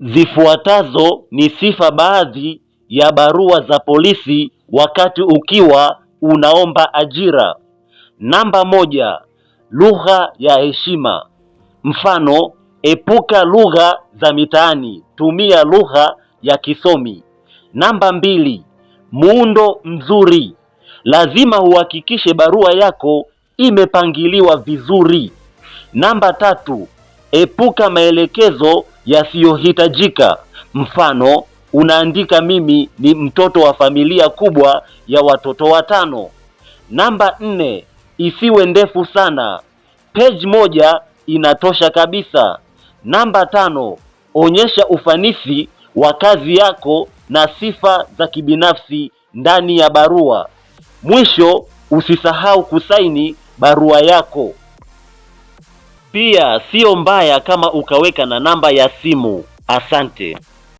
Zifuatazo ni sifa baadhi ya barua za polisi wakati ukiwa unaomba ajira. Namba moja, lugha ya heshima. Mfano, epuka lugha za mitaani, tumia lugha ya kisomi. Namba mbili, muundo mzuri. Lazima uhakikishe barua yako imepangiliwa vizuri. Namba tatu, epuka maelekezo yasiyohitajika. Mfano, unaandika mimi ni mtoto wa familia kubwa ya watoto watano. Namba nne, isiwe ndefu sana, page moja inatosha kabisa. Namba tano, onyesha ufanisi wa kazi yako na sifa za kibinafsi ndani ya barua. Mwisho, usisahau kusaini barua yako. Pia sio mbaya kama ukaweka na namba ya simu. Asante.